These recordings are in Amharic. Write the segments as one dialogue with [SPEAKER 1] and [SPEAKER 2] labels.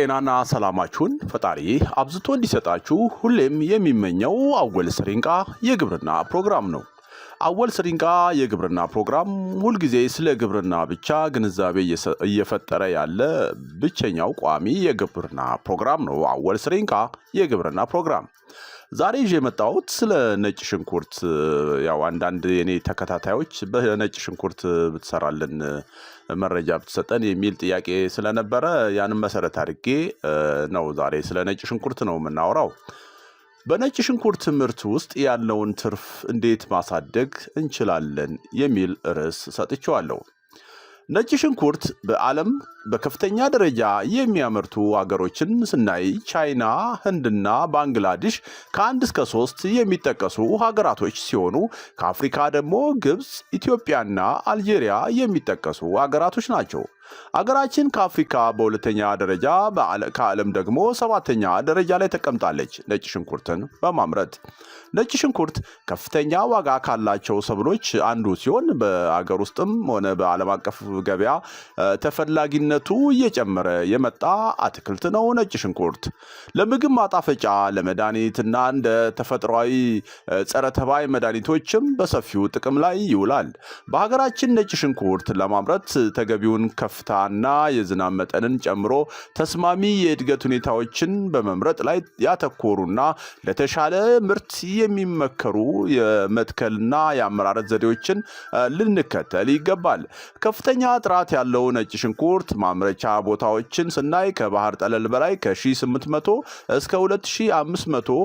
[SPEAKER 1] ጤናና ሰላማችሁን ፈጣሪ አብዝቶ እንዲሰጣችሁ ሁሌም የሚመኘው አወል ስሪንቃ የግብርና ፕሮግራም ነው። አወል ስሪንቃ የግብርና ፕሮግራም ሁልጊዜ ስለ ግብርና ብቻ ግንዛቤ እየፈጠረ ያለ ብቸኛው ቋሚ የግብርና ፕሮግራም ነው። አወል ስሪንቃ የግብርና ፕሮግራም ዛሬ ይዤ የመጣሁት ስለ ነጭ ሽንኩርት ያው አንዳንድ የኔ ተከታታዮች በነጭ ሽንኩርት ብትሰራልን መረጃ ብትሰጠን የሚል ጥያቄ ስለነበረ ያንም መሰረት አድርጌ ነው ዛሬ ስለ ነጭ ሽንኩርት ነው የምናወራው። በነጭ ሽንኩርት ምርት ውስጥ ያለውን ትርፍ እንዴት ማሳደግ እንችላለን የሚል ርዕስ ሰጥቼዋለሁ። ነጭ ሽንኩርት በዓለም በከፍተኛ ደረጃ የሚያመርቱ አገሮችን ስናይ ቻይና፣ ህንድና ባንግላዴሽ ከአንድ እስከ ሶስት የሚጠቀሱ ሀገራቶች ሲሆኑ ከአፍሪካ ደግሞ ግብፅ፣ ኢትዮጵያና አልጄሪያ የሚጠቀሱ አገራቶች ናቸው። አገራችን ከአፍሪካ በሁለተኛ ደረጃ ከዓለም ደግሞ ሰባተኛ ደረጃ ላይ ተቀምጣለች። ነጭ ሽንኩርትን በማምረት ነጭ ሽንኩርት ከፍተኛ ዋጋ ካላቸው ሰብሎች አንዱ ሲሆን በአገር ውስጥም ሆነ በዓለም አቀፍ ገበያ ተፈላጊነት አይነቱ እየጨመረ የመጣ አትክልት ነው። ነጭ ሽንኩርት ለምግብ ማጣፈጫ፣ ለመድኃኒትና እንደ ተፈጥሯዊ ጸረ ተባይ መድኃኒቶችም በሰፊው ጥቅም ላይ ይውላል። በሀገራችን ነጭ ሽንኩርት ለማምረት ተገቢውን ከፍታና የዝናብ መጠንን ጨምሮ ተስማሚ የእድገት ሁኔታዎችን በመምረጥ ላይ ያተኮሩና ለተሻለ ምርት የሚመከሩ የመትከልና የአመራረት ዘዴዎችን ልንከተል ይገባል። ከፍተኛ ጥራት ያለው ነጭ ሽንኩርት ማምረቻ ቦታዎችን ስናይ ከባህር ጠለል በላይ ከ1800 እስከ 2500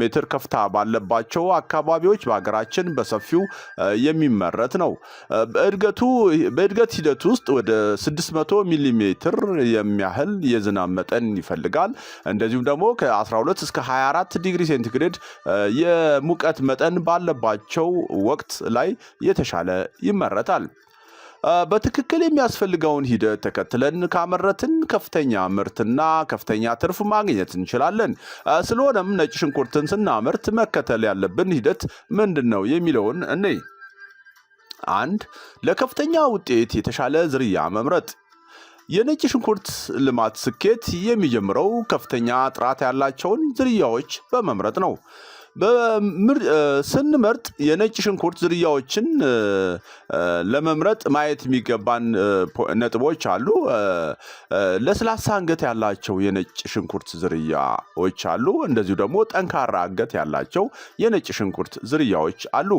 [SPEAKER 1] ሜትር ከፍታ ባለባቸው አካባቢዎች በሀገራችን በሰፊው የሚመረት ነው። በእድገት ሂደት ውስጥ ወደ 600 ሚሊ ሜትር የሚያህል የዝናብ መጠን ይፈልጋል። እንደዚሁም ደግሞ ከ12 እስከ 24 ዲግሪ ሴንቲግሬድ የሙቀት መጠን ባለባቸው ወቅት ላይ የተሻለ ይመረታል። በትክክል የሚያስፈልገውን ሂደት ተከትለን ካመረትን ከፍተኛ ምርትና ከፍተኛ ትርፍ ማግኘት እንችላለን። ስለሆነም ነጭ ሽንኩርትን ስናመርት መከተል ያለብን ሂደት ምንድን ነው የሚለውን እኔ አንድ ለከፍተኛ ውጤት የተሻለ ዝርያ መምረጥ። የነጭ ሽንኩርት ልማት ስኬት የሚጀምረው ከፍተኛ ጥራት ያላቸውን ዝርያዎች በመምረጥ ነው። ስንመርጥ የነጭ ሽንኩርት ዝርያዎችን ለመምረጥ ማየት የሚገባን ነጥቦች አሉ። ለስላሳ አንገት ያላቸው የነጭ ሽንኩርት ዝርያዎች አሉ። እንደዚሁ ደግሞ ጠንካራ አንገት ያላቸው የነጭ ሽንኩርት ዝርያዎች አሉ።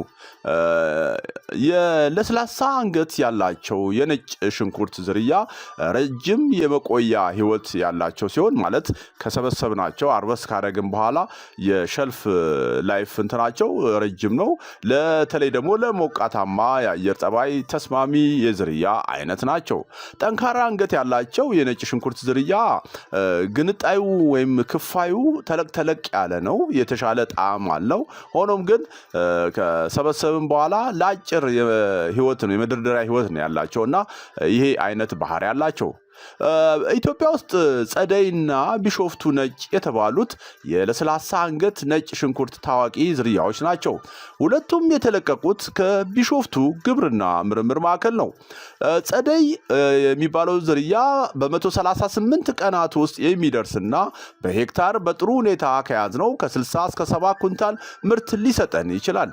[SPEAKER 1] ለስላሳ አንገት ያላቸው የነጭ ሽንኩርት ዝርያ ረጅም የመቆያ ሕይወት ያላቸው ሲሆን ማለት ከሰበሰብናቸው አርበስ ካረግን በኋላ የሸልፍ ላይፍ እንትናቸው ረጅም ነው። በተለይ ደግሞ ለሞቃታማ የአየር ጸባይ ተስማሚ የዝርያ አይነት ናቸው። ጠንካራ አንገት ያላቸው የነጭ ሽንኩርት ዝርያ ግንጣዩ ወይም ክፋዩ ተለቅ ተለቅ ያለ ነው። የተሻለ ጣዕም አለው። ሆኖም ግን ከሰበሰብን በኋላ ለአጭር ህይወት ነው የመደርደሪያ ህይወት ነው ያላቸው እና ይሄ አይነት ባህሪ ያላቸው ኢትዮጵያ ውስጥ ጸደይና ቢሾፍቱ ነጭ የተባሉት የለስላሳ አንገት ነጭ ሽንኩርት ታዋቂ ዝርያዎች ናቸው። ሁለቱም የተለቀቁት ከቢሾፍቱ ግብርና ምርምር ማዕከል ነው። ጸደይ የሚባለው ዝርያ በ138 ቀናት ውስጥ የሚደርስና በሄክታር በጥሩ ሁኔታ ከያዝ ነው ከ60 እስከ 70 ኩንታል ምርት ሊሰጠን ይችላል።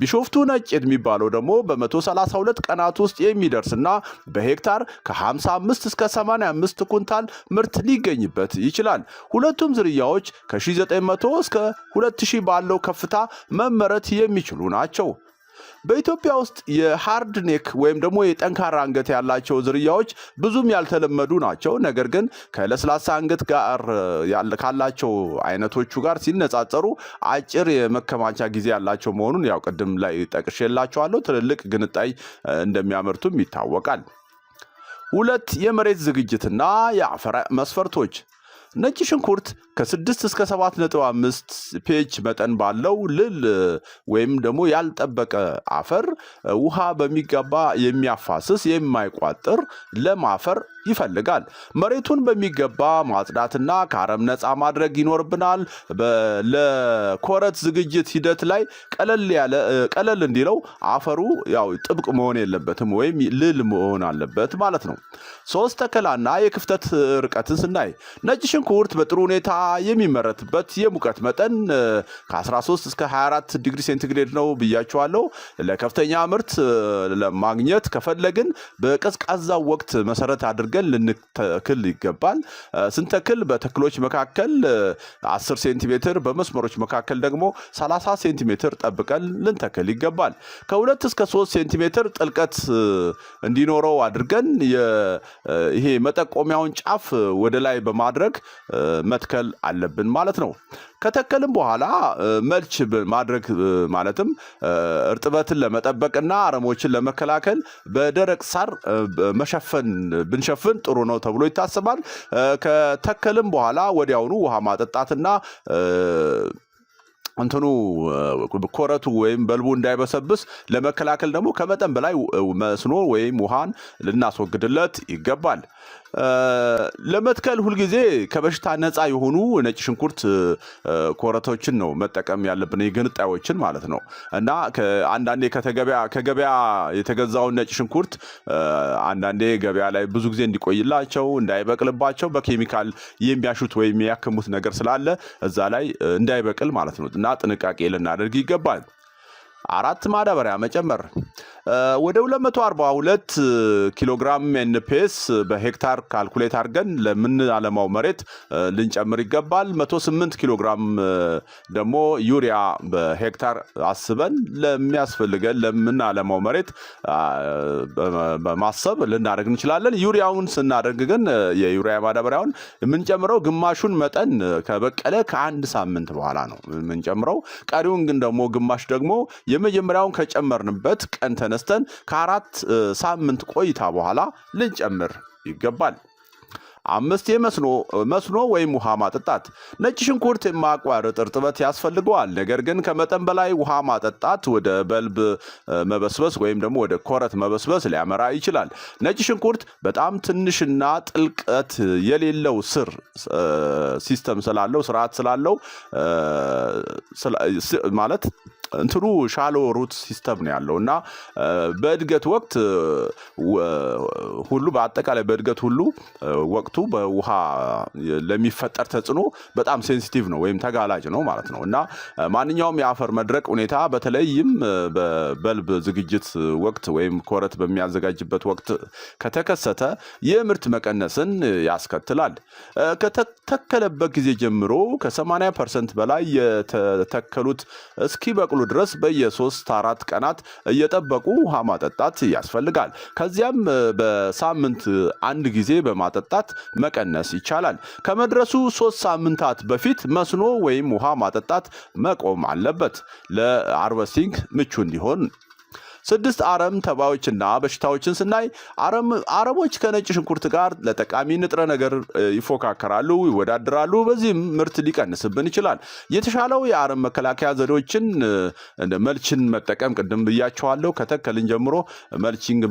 [SPEAKER 1] ቢሾፍቱ ነጭ የሚባለው ደግሞ በ132 ቀናት ውስጥ የሚደርስና በሄክታር ከ55 እስከ 85 ኩንታል ምርት ሊገኝበት ይችላል። ሁለቱም ዝርያዎች ከ1900 እስከ 2000 ባለው ከፍታ መመረት የሚችሉ ናቸው። በኢትዮጵያ ውስጥ የሃርድ ኔክ ወይም ደግሞ የጠንካራ አንገት ያላቸው ዝርያዎች ብዙም ያልተለመዱ ናቸው። ነገር ግን ከለስላሳ አንገት ጋር ካላቸው አይነቶቹ ጋር ሲነጻጸሩ አጭር የመከማቻ ጊዜ ያላቸው መሆኑን ያው ቅድም ላይ ጠቅሼላቸዋለሁ። ትልልቅ ግንጣይ እንደሚያመርቱም ይታወቃል። ሁለት የመሬት ዝግጅትና የአፈር መስፈርቶች ነጭ ሽንኩርት ከስድስት እስከ ሰባት ነጥብ አምስት ፒኤች መጠን ባለው ልል ወይም ደግሞ ያልጠበቀ አፈር ውሃ በሚገባ የሚያፋስስ የማይቋጥር ለም አፈር ይፈልጋል። መሬቱን በሚገባ ማጽዳትና ከአረም ነፃ ማድረግ ይኖርብናል። ለኮረት ዝግጅት ሂደት ላይ ቀለል እንዲለው አፈሩ ያው ጥብቅ መሆን የለበትም ወይም ልል መሆን አለበት ማለት ነው። ሶስት ተከላና የክፍተት ርቀትን ስናይ ነጭ ሽንኩርት በጥሩ ሁኔታ የሚመረትበት የሙቀት መጠን ከ13 እስከ 24 ዲግሪ ሴንቲግሬድ ነው ብያችኋለሁ። ለከፍተኛ ምርት ለማግኘት ከፈለግን በቀዝቃዛው ወቅት መሰረት አድርገን ልንተክል ይገባል። ስንተክል በተክሎች መካከል 10 ሴንቲሜትር በመስመሮች መካከል ደግሞ 30 ሴንቲሜትር ጠብቀን ልንተክል ይገባል። ከሁለት እስከ 3 ሴንቲሜትር ጥልቀት እንዲኖረው አድርገን ይሄ መጠቆሚያውን ጫፍ ወደ ላይ በማድረግ መትከል አለብን ማለት ነው። ከተከልም በኋላ መልች ማድረግ ማለትም እርጥበትን ለመጠበቅና አረሞችን ለመከላከል በደረቅ ሳር መሸፈን ብንሸፍን ጥሩ ነው ተብሎ ይታሰባል። ከተከልም በኋላ ወዲያውኑ ውሃ ማጠጣትና እንትኑ ኮረቱ ወይም በልቡ እንዳይበሰብስ ለመከላከል ደግሞ ከመጠን በላይ መስኖ ወይም ውሃን ልናስወግድለት ይገባል። ለመትከል ሁልጊዜ ከበሽታ ነፃ የሆኑ ነጭ ሽንኩርት ኮረቶችን ነው መጠቀም ያለብን፣ የገንጣዮችን ማለት ነው። እና አንዳንዴ ከገበያ የተገዛውን ነጭ ሽንኩርት አንዳንዴ ገበያ ላይ ብዙ ጊዜ እንዲቆይላቸው እንዳይበቅልባቸው በኬሚካል የሚያሹት ወይም የሚያክሙት ነገር ስላለ እዛ ላይ እንዳይበቅል ማለት ነው። እና ጥንቃቄ ልናደርግ ይገባል። አራት ማዳበሪያ መጨመር ወደ 242 ኪሎ ግራም ኤንፒኤስ በሄክታር ካልኩሌት አድርገን ለምናለማው መሬት ልንጨምር ይገባል። 108 ኪሎ ግራም ደግሞ ዩሪያ በሄክታር አስበን ለሚያስፈልገን ለምናለማው መሬት በማሰብ ልናደርግ እንችላለን። ዩሪያውን ስናደርግ ግን የዩሪያ ማዳበሪያውን የምንጨምረው ግማሹን መጠን ከበቀለ ከአንድ ሳምንት በኋላ ነው የምንጨምረው። ቀሪውን ግን ደግሞ ግማሽ ደግሞ የመጀመሪያውን ከጨመርንበት ቀን ተነ ተነስተን ከአራት ሳምንት ቆይታ በኋላ ልንጨምር ይገባል። አምስት የመስኖ መስኖ ወይም ውሃ ማጠጣት። ነጭ ሽንኩርት የማያቋርጥ እርጥበት ያስፈልገዋል። ነገር ግን ከመጠን በላይ ውሃ ማጠጣት ወደ በልብ መበስበስ ወይም ደግሞ ወደ ኮረት መበስበስ ሊያመራ ይችላል። ነጭ ሽንኩርት በጣም ትንሽና ጥልቀት የሌለው ስር ሲስተም ስላለው ስርዓት ስላለው ማለት እንትኑ ሻሎ ሩት ሲስተም ነው ያለው እና በእድገት ወቅት ሁሉ በአጠቃላይ በእድገት ሁሉ ወቅቱ በውሃ ለሚፈጠር ተጽዕኖ በጣም ሴንሲቲቭ ነው ወይም ተጋላጭ ነው ማለት ነው እና ማንኛውም የአፈር መድረቅ ሁኔታ በተለይም በበልብ ዝግጅት ወቅት ወይም ኮረት በሚያዘጋጅበት ወቅት ከተከሰተ የምርት መቀነስን ያስከትላል። ከተተከለበት ጊዜ ጀምሮ ከ80 ፐርሰንት በላይ የተተከሉት እስኪበቅሉ ድረስ በየሶስት አራት ቀናት እየጠበቁ ውሃ ማጠጣት ያስፈልጋል። ከዚያም በሳምንት አንድ ጊዜ በማጠጣት መቀነስ ይቻላል። ከመድረሱ ሶስት ሳምንታት በፊት መስኖ ወይም ውሃ ማጠጣት መቆም አለበት። ለአርቨስቲንግ ምቹ እንዲሆን ስድስት አረም ተባዮችና በሽታዎችን ስናይ አረሞች ከነጭ ሽንኩርት ጋር ለጠቃሚ ንጥረ ነገር ይፎካከራሉ፣ ይወዳደራሉ። በዚህም ምርት ሊቀንስብን ይችላል። የተሻለው የአረም መከላከያ ዘዴዎችን እንደ መልችን መጠቀም ቅድም ብያቸዋለሁ። ከተከልን ጀምሮ መልቺንግ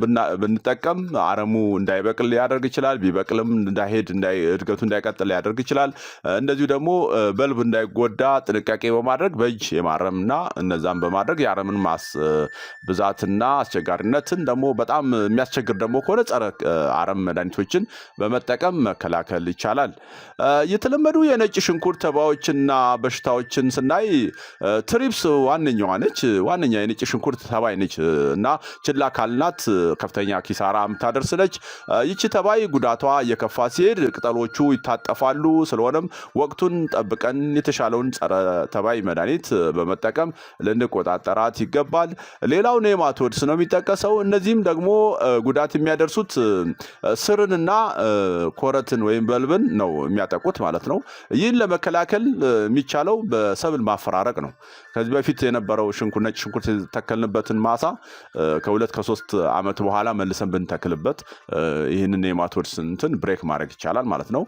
[SPEAKER 1] ብንጠቀም አረሙ እንዳይበቅል ሊያደርግ ይችላል። ቢበቅልም እንዳይሄድ እድገቱ እንዳይቀጥል ሊያደርግ ይችላል። እንደዚሁ ደግሞ በልብ እንዳይጎዳ ጥንቃቄ በማድረግ በእጅ የማረምና እነዛም በማድረግ የአረምን ማስ ብዛት ጥራትና አስቸጋሪነትን ደግሞ በጣም የሚያስቸግር ደግሞ ከሆነ ጸረ አረም መድኃኒቶችን በመጠቀም መከላከል ይቻላል። የተለመዱ የነጭ ሽንኩርት ተባዮችና በሽታዎችን ስናይ ትሪፕስ ዋነኛዋ ነች። ዋነኛ የነጭ ሽንኩርት ተባይ ነች እና ችላ ካልናት ከፍተኛ ኪሳራ የምታደርስ ነች። ይቺ ተባይ ጉዳቷ እየከፋ ሲሄድ ቅጠሎቹ ይታጠፋሉ። ስለሆነም ወቅቱን ጠብቀን የተሻለውን ጸረ ተባይ መድኃኒት በመጠቀም ልንቆጣጠራት ይገባል። ሌላው ኔማ ኔማቶድስ ነው የሚጠቀሰው። እነዚህም ደግሞ ጉዳት የሚያደርሱት ስርንና ኮረትን ወይም በልብን ነው የሚያጠቁት ማለት ነው። ይህን ለመከላከል የሚቻለው በሰብል ማፈራረቅ ነው። ከዚህ በፊት የነበረው ነጭ ሽንኩርት የተተከልንበትን ማሳ ከሁለት ከሶስት ዓመት በኋላ መልሰን ብንተክልበት ይህንን ኔማቶድስ እንትን ብሬክ ማድረግ ይቻላል ማለት ነው።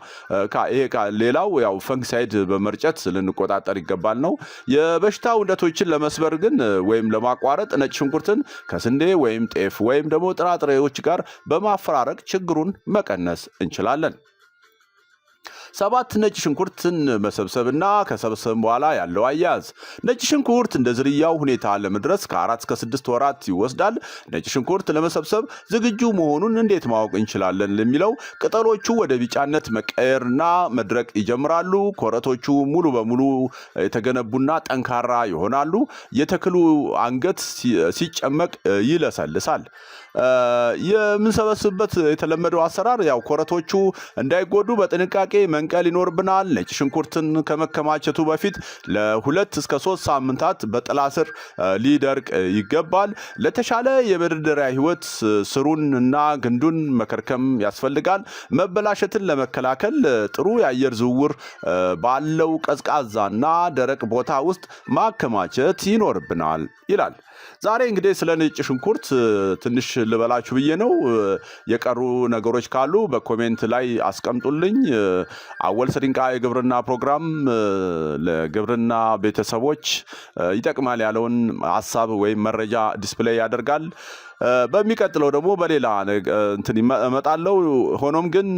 [SPEAKER 1] ይሄ ሌላው ያው ፈንግሳይድ በመርጨት ልንቆጣጠር ይገባል ነው። የበሽታ ውደቶችን ለመስበር ግን ወይም ለማቋረጥ ነጭ ሽንኩርትን ከስንዴ ወይም ጤፍ ወይም ደግሞ ጥራጥሬዎች ጋር በማፈራረቅ ችግሩን መቀነስ እንችላለን። ሰባት ነጭ ሽንኩርትን መሰብሰብና ከሰብሰብ በኋላ ያለው አያያዝ። ነጭ ሽንኩርት እንደ ዝርያው ሁኔታ ለመድረስ ከአራት እስከ ስድስት ወራት ይወስዳል። ነጭ ሽንኩርት ለመሰብሰብ ዝግጁ መሆኑን እንዴት ማወቅ እንችላለን? ለሚለው ቅጠሎቹ ወደ ቢጫነት መቀየርና መድረቅ ይጀምራሉ። ኮረቶቹ ሙሉ በሙሉ የተገነቡና ጠንካራ ይሆናሉ። የተክሉ አንገት ሲጨመቅ ይለሰልሳል። የምንሰበስብበት የተለመደው አሰራር ያው ኮረቶቹ እንዳይጎዱ በጥንቃቄ መንቀል ይኖርብናል። ነጭ ሽንኩርትን ከመከማቸቱ በፊት ለሁለት እስከ ሶስት ሳምንታት በጥላ ስር ሊደርቅ ይገባል። ለተሻለ የመደርደሪያ ህይወት ስሩን እና ግንዱን መከርከም ያስፈልጋል። መበላሸትን ለመከላከል ጥሩ የአየር ዝውውር ባለው ቀዝቃዛና ደረቅ ቦታ ውስጥ ማከማቸት ይኖርብናል ይላል። ዛሬ እንግዲህ ስለ ነጭ ሽንኩርት ትንሽ ልበላችሁ ብዬ ነው። የቀሩ ነገሮች ካሉ በኮሜንት ላይ አስቀምጡልኝ። አወል ስሪንቃ የግብርና ፕሮግራም ለግብርና ቤተሰቦች ይጠቅማል ያለውን ሀሳብ ወይም መረጃ ዲስፕሌይ ያደርጋል። በሚቀጥለው ደግሞ በሌላ እንትን እመጣለሁ። ሆኖም ግን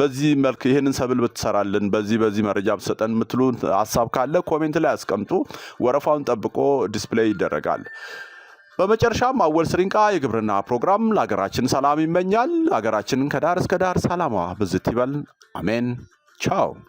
[SPEAKER 1] በዚህ መልክ ይህንን ሰብል ብትሰራልን፣ በዚህ በዚህ መረጃ ብትሰጠን የምትሉ ሀሳብ ካለ ኮሜንት ላይ አስቀምጡ። ወረፋውን ጠብቆ ዲስፕሌይ ይደረጋል። በመጨረሻም አወል ስሪንቃ የግብርና ፕሮግራም ለሀገራችን ሰላም ይመኛል። ሀገራችንን ከዳር እስከ ዳር ሰላማ ብዝት ይበል። አሜን። Tchau!